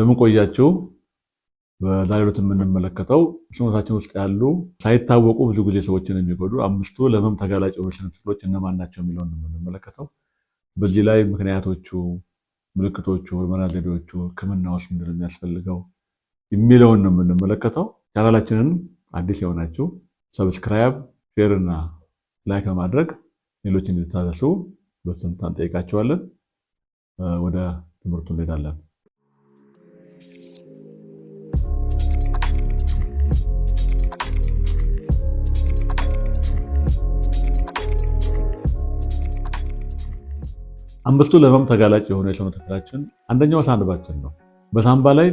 እንደምንቆያችሁ በዛሬ ዕለት የምንመለከተው ሰውነታችን ውስጥ ያሉ ሳይታወቁ ብዙ ጊዜ ሰዎችን የሚጎዱ አምስቱ ለህመም ተጋላጭ የሆኑ ክፍሎች እነማን ናቸው የሚለውን የምንመለከተው። በዚህ ላይ ምክንያቶቹ፣ ምልክቶቹ፣ የምርመራ ዘዴዎቹ፣ ውስጥ ምንድን የሚያስፈልገው የሚለውን ነው የምንመለከተው። ቻናላችንን አዲስ የሆናችሁ ሰብስክራይብ፣ ሼር እና ላይክ በማድረግ ሌሎች እንዲታዘሱ በስንት ጠይቃቸዋለን። ወደ ትምህርቱ እንሄዳለን። አምስቱ ለህመም ተጋላጭ የሆነ የሰውነት ክፍላችን አንደኛው ሳንባችን ነው። በሳንባ ላይ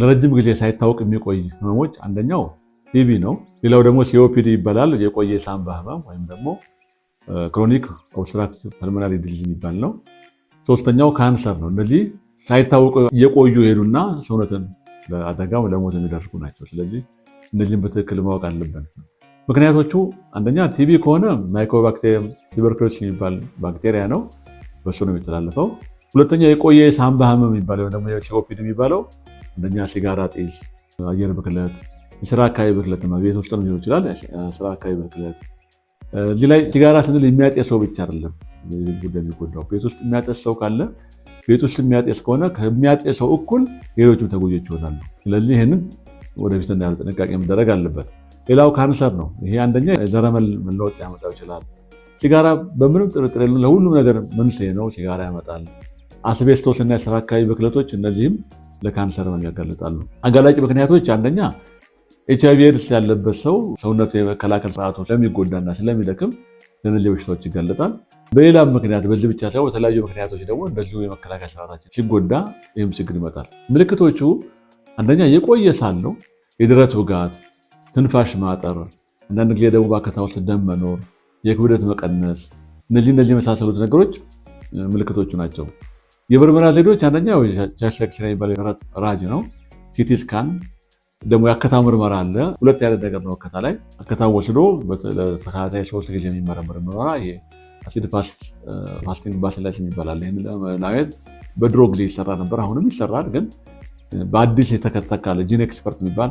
ለረጅም ጊዜ ሳይታወቅ የሚቆይ ህመሞች አንደኛው ቲቪ ነው። ሌላው ደግሞ ሲኦፒዲ ይባላል። የቆየ ሳንባ ህመም ወይም ደግሞ ክሮኒክ ኦብስትራክቲቭ ፐልሞናሪ ዲዚዝ የሚባል ነው። ሶስተኛው ካንሰር ነው። እነዚህ ሳይታወቁ እየቆዩ ሄዱና ሰውነትን ለአደጋ ለሞት የሚደርጉ ናቸው። ስለዚህ እነዚህም በትክክል ማወቅ አለብን። ምክንያቶቹ አንደኛ ቲቪ ከሆነ ማይክሮባክቴሪየም ቲበርክሎስ የሚባል ባክቴሪያ ነው። በሱ ነው የሚተላለፈው። ሁለተኛ የቆየ የሳንባ ህመም የሚባለው ወይም ደግሞ የሲኦፒዲ የሚባለው አንደኛ ሲጋራ ጢስ፣ አየር ብክለት፣ የስራ አካባቢ ብክለት፣ ቤት ውስጥ ሊሆን ይችላል። ስራ አካባቢ ብክለት እዚህ ላይ ሲጋራ ስንል የሚያጤ ሰው ብቻ አይደለም ጉዳይ የሚጎዳው። ቤት ውስጥ የሚያጤስ ሰው ካለ ቤት ውስጥ የሚያጤስ ከሆነ ከሚያጤ ሰው እኩል ሌሎችም ተጎጆች ይሆናሉ። ስለዚህ ይህንን ወደፊት ያለ ጥንቃቄ መደረግ አለበት። ሌላው ካንሰር ነው። ይሄ አንደኛ የዘረመል መለወጥ ያመጣው ይችላል። ሲጋራ በምንም ጥርጥር የለም ለሁሉም ነገር መንስኤ ነው። ሲጋራ ያመጣል። አስቤስቶስ እና የስራ አካባቢ ብክለቶች፣ እነዚህም ለካንሰር ያጋልጣሉ። አጋላጭ ምክንያቶች አንደኛ ኤች አይቪ ኤድስ ያለበት ሰው ሰውነቱ የመከላከል ስርዓቱ ስለሚጎዳና ስለሚደክም ለነዚህ በሽታዎች ይጋለጣል። በሌላም ምክንያት በዚህ ብቻ ሳይሆን በተለያዩ ምክንያቶች ደግሞ እንደዚሁ የመከላከል ስርዓታችን ሲጎዳ ይህም ችግር ይመጣል። ምልክቶቹ አንደኛ የቆየ ሳለው የደረት ውጋት፣ ትንፋሽ ማጠር፣ አንዳንድ ጊዜ ደግሞ በአከታ ውስጥ ደም መኖር የክብደት መቀነስ፣ እነዚህ እነዚህ የመሳሰሉት ነገሮች ምልክቶቹ ናቸው። የምርመራ ዘዴዎች አንደኛው ቻስት ኤክስሬ የሚባለው የደረት ራጅ ነው። ሲቲ ስካን ደግሞ የአከታ ምርመራ አለ። ሁለት አይነት ነገር ነው። አከታ ላይ አከታ ወስዶ ለተከታታይ ሶስት ጊዜ የሚመረምር ምርመራ ይሄ አሲድ ፋስቲንግ ባሲለስ የሚባላል። ይህን ለማየት በድሮ ጊዜ ይሰራ ነበር፣ አሁንም ይሰራል። ግን በአዲስ የተከተካለ ጂን ኤክስፐርት የሚባል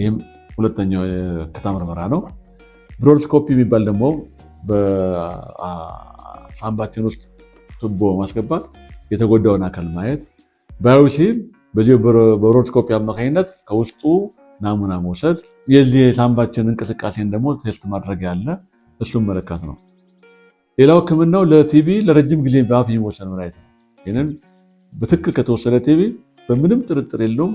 ይህም ሁለተኛው የአከታ ምርመራ ነው። ብሮንኮስኮፒ የሚባል ደግሞ በሳምባችን ውስጥ ቱቦ ማስገባት የተጎዳውን አካል ማየት ባዩ ሲል በዚህ በሮድስኮፒ አማካኝነት ከውስጡ ናሙና መውሰድ የዚህ የሳምባችን እንቅስቃሴን ደግሞ ቴስት ማድረግ ያለ እሱም መለካት ነው። ሌላው ህክምናው ለቲቪ ለረጅም ጊዜ በአፍ የሚወሰድ መድኃኒት ነው። ይህንን በትክክል ከተወሰደ ቲቪ በምንም ጥርጥር የለውም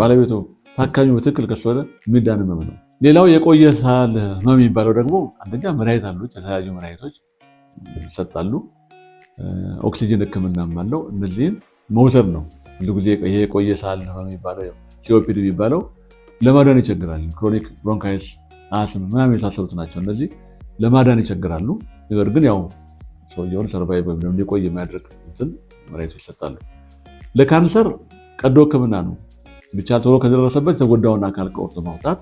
ባለቤቱ ታካሚ በትክክል ከወሰደ የሚዳን ነው። ሌላው የቆየ ሳል ህመም የሚባለው ደግሞ አንደኛ መድኃኒት አሉ፣ የተለያዩ መድኃኒቶች ይሰጣሉ። ኦክሲጅን ህክምና አለው። እነዚህን መውሰድ ነው። ብዙ ጊዜ ይሄ የቆየ ሳል ህመም የሚባለው ሲኦፒዲ የሚባለው ለማዳን ይቸግራል። ክሮኒክ ብሮንካይስ፣ አስም ምናምን የመሳሰሉት ናቸው። እነዚህ ለማዳን ይቸግራሉ። ነገር ግን ያው ሰውየውን ሰርቫይ ወይም እንዲቆይ የሚያደርግ እንትን መድኃኒቶች ይሰጣሉ። ለካንሰር ቀዶ ህክምና ነው ብቻ ቶሎ ከደረሰበት የተጎዳውን አካል ከወቅቱ ማውጣት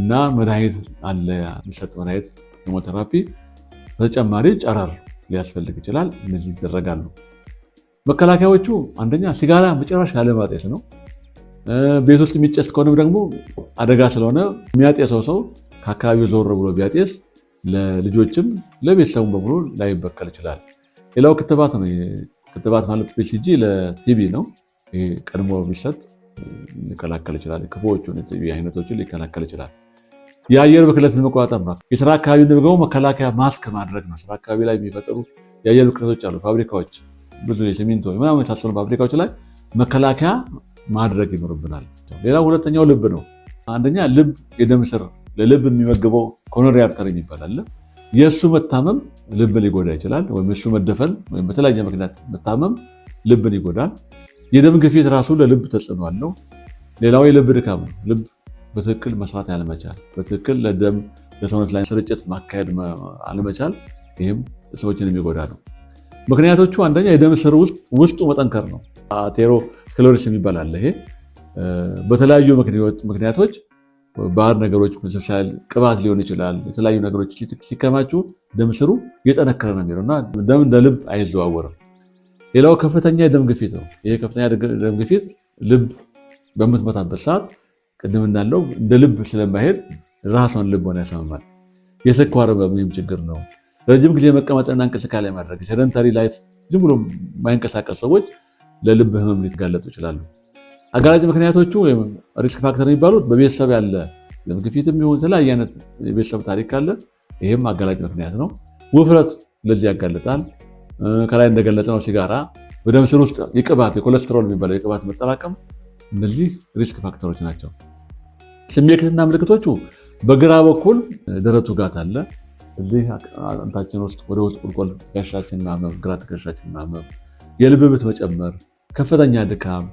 እና መድኃኒት አለ የሚሰጥ መድኃኒት ኬሞቴራፒ፣ በተጨማሪ ጨረር ሊያስፈልግ ይችላል። እነዚህ ይደረጋሉ። መከላከያዎቹ አንደኛ ሲጋራ መጨረሻ ያለማጤስ ነው። ቤት ውስጥ የሚጨስ ከሆነም ደግሞ አደጋ ስለሆነ የሚያጤሰው ሰው ከአካባቢው ዞር ብሎ ቢያጤስ ለልጆችም ለቤተሰቡም በሙሉ ላይበከል ይችላል። ሌላው ክትባት ነው። ክትባት ማለት ቢሲጂ ለቲቢ ነው። ቀድሞ ቢሰጥ ሊከላከል ይችላል። ክፉዎቹን የቲቢ አይነቶችን ሊከላከል ይችላል። የአየር ብክለትን መቆጣጠር ነው። የስራ አካባቢ ደግሞ መከላከያ ማስክ ማድረግ ነው። ስራ አካባቢ ላይ የሚፈጠሩ የአየር ብክለቶች አሉ። ፋብሪካዎች ብዙ የሲሚንቶ ምናምን የመሳሰሉ ፋብሪካዎች ላይ መከላከያ ማድረግ ይኖርብናል። ሌላው ሁለተኛው ልብ ነው። አንደኛ ልብ የደም ስር ለልብ የሚመግበው ኮሮነሪ አርተር የሚባላለ የእሱ መታመም ልብ ሊጎዳ ይችላል። ወይም የእሱ መደፈን ወይም በተለያየ ምክንያት መታመም ልብን ይጎዳል። የደም ግፊት ራሱ ለልብ ተጽዕኖ አለው። ሌላው የልብ ድካም ነው። ልብ በትክክል መስራት ያለመቻል፣ በትክክል ለደም ለሰውነት ላይ ስርጭት ማካሄድ አለመቻል፣ ይህም ሰዎችን የሚጎዳ ነው። ምክንያቶቹ አንደኛ የደም ስር ውስጡ መጠንከር ነው። አቴሮ ክሎሪስ የሚባል አለ። ይሄ በተለያዩ ምክንያቶች ባህር ነገሮች መሰብሰል፣ ቅባት ሊሆን ይችላል። የተለያዩ ነገሮች ሲከማቹ ደም ስሩ እየጠነከረ ነው የሚለው እና ደም እንደ ልብ አይዘዋወርም። ሌላው ከፍተኛ የደም ግፊት ነው። ይሄ ከፍተኛ ደም ግፊት ልብ በምትመታበት ሰዓት ቅድም እንዳለው እንደ ልብ ስለማይሄድ ራሷን ልቧን ያሳምማል። የስኳር በሚም ችግር ነው። ረጅም ጊዜ መቀመጥና እንቅስቃሴ ማድረግ ሴደንታሪ ላይፍ፣ ዝም ብሎ የማይንቀሳቀስ ሰዎች ለልብ ህመም ሊጋለጡ ይችላሉ። አጋላጭ ምክንያቶቹ ወይም ሪስክ ፋክተር የሚባሉት በቤተሰብ ያለ ደም ግፊትም ይሁን የተለያየ አይነት የቤተሰብ ታሪክ ካለ ይህም አጋላጭ ምክንያት ነው። ውፍረት ለዚህ ያጋልጣል። ከላይ እንደገለጸ ነው ሲጋራ፣ በደም ስር ውስጥ የቅባት የኮለስትሮል የሚባለው የቅባት መጠራቀም፣ እነዚህ ሪስክ ፋክተሮች ናቸው። ስሜክትና ምልክቶቹ በግራ በኩል ደረቱ ጋት አለ። እዚህ አጥንታችን ውስጥ ወደ ውስጥ ቁልቆል ትከሻችን ማመም፣ ግራ ትከሻችን ማመም፣ የልብ ምት መጨመር፣ ከፍተኛ ድካም፣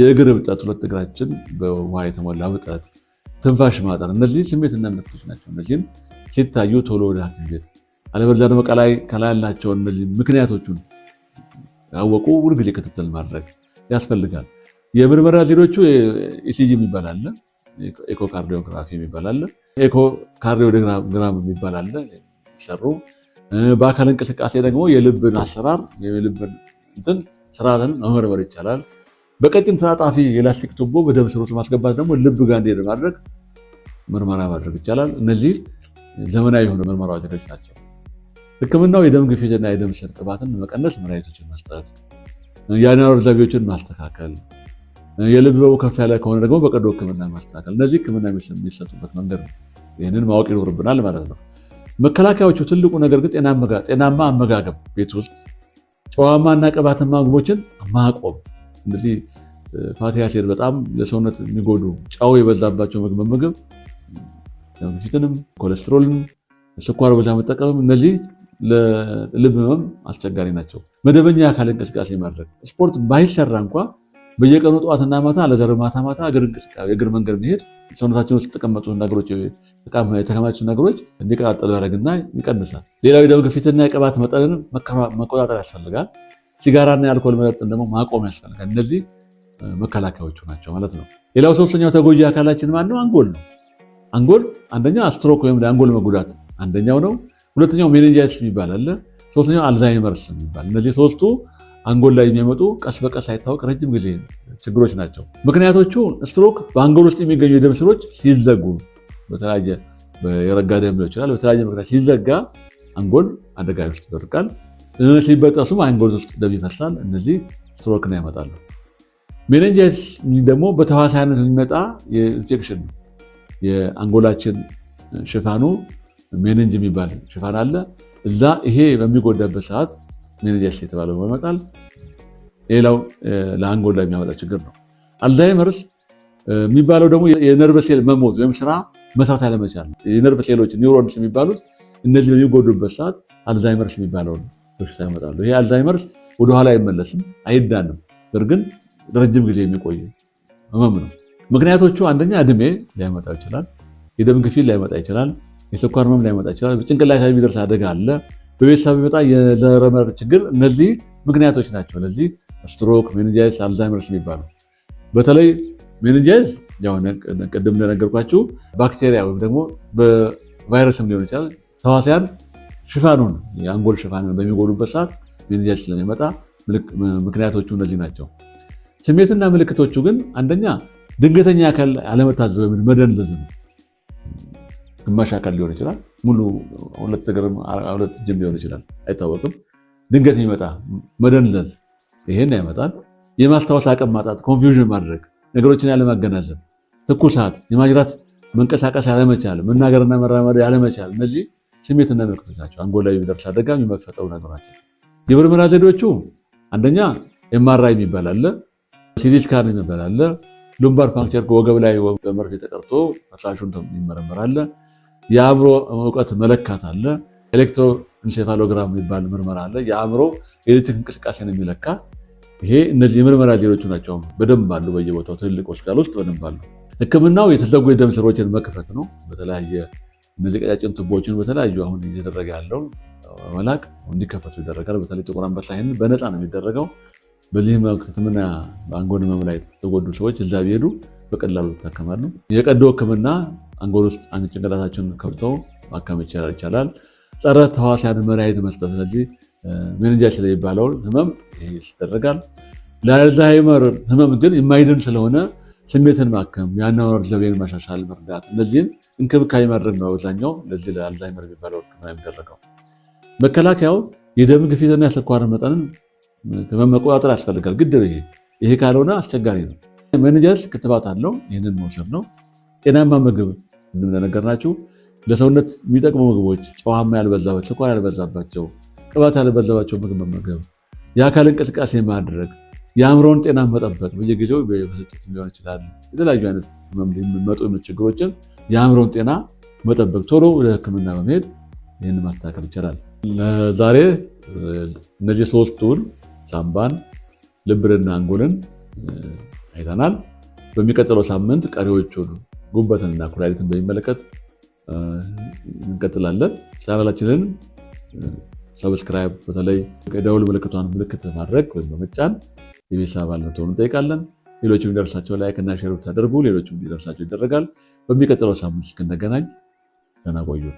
የእግር እብጠት፣ ሁለት እግራችን በውሃ የተሞላ ምጠት፣ ትንፋሽ ማጠር፣ እነዚህ ስሜትና ምልክቶች ናቸው። እነዚህም ሲታዩ ቶሎ ወደ ሐኪም ቤት አለበለዚያ ደግሞ ከላይ ያላቸውን እነዚህ ምክንያቶቹን ያወቁ ሁልጊዜ ክትትል ማድረግ ያስፈልጋል። የምርመራ ዜዶቹ ኢሲጂ የሚባል አለ። ኤኮካርዲዮግራፊ የሚባል አለ፣ ኤኮካርዲዮግራም የሚባል አለ የሚሰሩ በአካል እንቅስቃሴ ደግሞ የልብን አሰራር የልብን እንትን ስርዓትን መመርመር ይቻላል። በቀጭን ተጣጣፊ የላስቲክ ቱቦ በደም ስር ማስገባት ደግሞ ልብ ጋር እንዲሄድ ማድረግ ምርመራ ማድረግ ይቻላል። እነዚህ ዘመናዊ የሆኑ ምርመራ ዘዴዎች ናቸው። ህክምናው የደም ግፊትና የደም ስር ቅባትን መቀነስ መድኃኒቶችን መስጠት፣ የአኗኗር ዘይቤዎችን ማስተካከል የልብ ህመሙ ከፍ ያለ ከሆነ ደግሞ በቀዶ ህክምና ማስተካከል፣ እነዚህ ህክምና የሚሰጡበት መንገድ ነው። ይህንን ማወቅ ይኖርብናል ማለት ነው። መከላከያዎቹ ትልቁ ነገር ግን ጤናማ አመጋገብ፣ ቤት ውስጥ ጨዋማ እና ቅባታማ ምግቦችን ማቆም። እነዚህ ፋቲ አሲድ በጣም ለሰውነት የሚጎዱ ጨው የበዛባቸው ምግብ መመገብ፣ ፊትንም ኮሌስትሮልንም ስኳር በዛ መጠቀምም እነዚህ ለልብ ህመም አስቸጋሪ ናቸው። መደበኛ የአካል እንቅስቃሴ ማድረግ ስፖርት ባይሰራ እንኳ በየቀኑ ጠዋትና ማታ ለዘር ማታ ማታ የእግር መንገድ መሄድ ሰውነታችን ውስጥ የተቀመጡ ነገሮች የተከማቹ ነገሮች እንዲቀጣጠሉ ያደረግና ይቀንሳል። ሌላው የደም ግፊትና የቅባት መጠንን መቆጣጠር ያስፈልጋል። ሲጋራና የአልኮል መጠጥን ደግሞ ማቆም ያስፈልጋል። እነዚህ መከላከያዎቹ ናቸው ማለት ነው። ሌላው ሶስተኛው ተጎጂ አካላችን ማን ነው? አንጎል ነው። አንጎል አንደኛ ስትሮክ ወይም አንጎል መጉዳት አንደኛው ነው። ሁለተኛው ሜኒንጃይስ የሚባል አለ። ሶስተኛው አልዛይመርስ የሚባል እነዚህ ሶስቱ አንጎል ላይ የሚያመጡ ቀስ በቀስ አይታወቅ ረጅም ጊዜ ችግሮች ናቸው። ምክንያቶቹ ስትሮክ በአንጎል ውስጥ የሚገኙ የደም ስሮች ሲዘጉ፣ በተለያየ የረጋ ደም ሊሆን ይችላል። በተለያየ ምክንያት ሲዘጋ አንጎል አደጋ ውስጥ ይደርቃል። ሲበጠሱም አንጎል ውስጥ ደም ይፈሳል። እነዚህ ስትሮክን ያመጣሉ። ሜኔንጃይትስ ደግሞ በተዋሳይነት የሚመጣ የኢንፌክሽን የአንጎላችን ሽፋኑ ሜኔንጅ የሚባል ሽፋን አለ። እዛ ይሄ በሚጎዳበት ሰዓት ሜኒጃስ የተባለው በመጣል ሌላው ለአንጎል ላይ የሚያመጣ ችግር ነው። አልዛይመርስ የሚባለው ደግሞ የነርቭ ሴል መሞት ወይም ስራ መስራት አለመቻል፣ የነርቭ ሴሎች ኒውሮንስ የሚባሉት እነዚህ በሚጎዱበት ሰዓት አልዛይመርስ የሚባለውን በሽታ ያመጣሉ። ይሄ አልዛይመርስ ወደኋላ አይመለስም፣ አይዳንም። ግን ረጅም ጊዜ የሚቆይ ህመም ነው። ምክንያቶቹ አንደኛ እድሜ ሊያመጣ ይችላል፣ የደም ግፊት ሊያመጣ ይችላል፣ የስኳር ህመም ሊያመጣ ይችላል። በጭንቅላት ላይ የሚደርስ አደጋ አለ። በቤተሰብ ይመጣ የዘረመር ችግር እነዚህ ምክንያቶች ናቸው። ለዚህ ስትሮክ፣ ሜንጃይዝ፣ አልዛይመርስ የሚባሉ በተለይ ሜኒንጃይዝ ቅድም እንደነገርኳችሁ ባክቴሪያ ወይም ደግሞ በቫይረስም ሊሆን ይችላል ተዋሲያን ሽፋኑን የአንጎል ሽፋኑን በሚጎዱበት ሰዓት ሜንጃይዝ ስለሚመጣ ምክንያቶቹ እነዚህ ናቸው። ስሜትና ምልክቶቹ ግን አንደኛ ድንገተኛ አካል አለመታዘብ፣ መደንዘዝ ነው። ግማሽ አካል ሊሆን ይችላል፣ ሙሉ ሁለት እግርም ሁለት እጅም ሊሆን ይችላል፣ አይታወቅም። ድንገት ይመጣ መደንዘዝ፣ ይሄን ያመጣል። የማስታወስ አቅም ማጣት፣ ኮንፊውዥን ማድረግ፣ ነገሮችን ያለማገናዘብ፣ ትኩሳት፣ የማጅራት መንቀሳቀስ ያለመቻል፣ መናገርና መራመድ ያለመቻል፣ እነዚህ ስሜትና ምልክቶች ናቸው። አንጎል ላይ የሚደርስ አደጋ የሚፈጠሩ ነገራቸው። የምርመራ ዘዴዎቹ አንደኛ ኤምአርአይ የሚባል አለ፣ ሲቲ ስካን የሚባል አለ። ሉምባር ፓንክቸር ወገብ ላይ በመርፌ ተቀርቶ ፈሳሹን ይመረመራል። የአእምሮ እውቀት መለካት አለ። ኤሌክትሮኢንሴፋሎግራም የሚባል ምርመራ አለ። የአእምሮ ኤሌክትሪክ እንቅስቃሴን የሚለካ ይሄ እነዚህ የምርመራ ዜሮቹ ናቸው። በደንብ አሉ። በየቦታው ትልልቅ ሆስፒታል ውስጥ በደንብ አሉ። ህክምናው የተዘጉ የደም ስሮችን መክፈት ነው። በተለያየ እነዚህ ቀጫጭን ቱቦችን በተለያዩ አሁን እየተደረገ ያለው መላቅ እንዲከፈቱ ይደረጋል። በተለይ ጥቁር አንበሳ ይህን በነፃ ነው የሚደረገው። በዚህ ሕክምና አንጎን መምላይ የተጎዱ ሰዎች እዛ ቢሄዱ በቀላሉ ይታከማሉ። የቀዶ ህክምና አንጎል ውስጥ አንድ ጭንቅላታቸውን ከብተው ማከም ይቻላል። ጸረ ተዋሲያን መድኃኒት መስጠት፣ ስለዚህ ሜንጃ ስለ ይባለው ህመም ይደረጋል። ለአልዛይመር ህመም ግን የማይድን ስለሆነ ስሜትን ማከም፣ የአኗኗር ዘይቤን ማሻሻል፣ መርዳት፣ እነዚህን እንክብካቤ ማድረግ ነው አብዛኛው ለዚህ ለአልዛይመር የሚባለው ህክምና የሚደረገው። መከላከያው የደም ግፊትና የስኳር መጠንን መቆጣጠር ያስፈልጋል። ግድ ይሄ ይሄ ካልሆነ አስቸጋሪ ነው። መንጀል ክትባት አለው። ይህንን መውሰድ ነው። ጤናማ ምግብ እንደነገርናችሁ ለሰውነት የሚጠቅሙ ምግቦች ጨዋማ ያልበዛበት፣ ስኳር ያልበዛባቸው፣ ቅባት ያልበዛባቸው ምግብ መመገብ፣ የአካል እንቅስቃሴ ማድረግ፣ የአእምሮን ጤና መጠበቅ። በየጊዜው በስጭት ሊሆን ይችላል። የተለያዩ አይነት መጡ ችግሮችን የአእምሮን ጤና መጠበቅ፣ ቶሎ ወደ ሕክምና በመሄድ ይህን ማስተካከል ይቻላል። ዛሬ እነዚህ ሶስቱን ሳምባን፣ ልብንና አንጎልን አይተናል። በሚቀጥለው ሳምንት ቀሪዎቹን ጉበትንና ኩላሊትን በሚመለከት እንቀጥላለን። ቻናላችንን ሰብስክራይብ፣ በተለይ ደውል ምልክቷን ምልክት ማድረግ ወይም በመጫን የቤተሰብ አባል እንድትሆኑ እንጠይቃለን። ሌሎችም እንዲደርሳቸው ላይክ እና ሼር ብታደርጉ እንዲደርሳቸው ይደረጋል። በሚቀጥለው ሳምንት እስክንገናኝ ደህና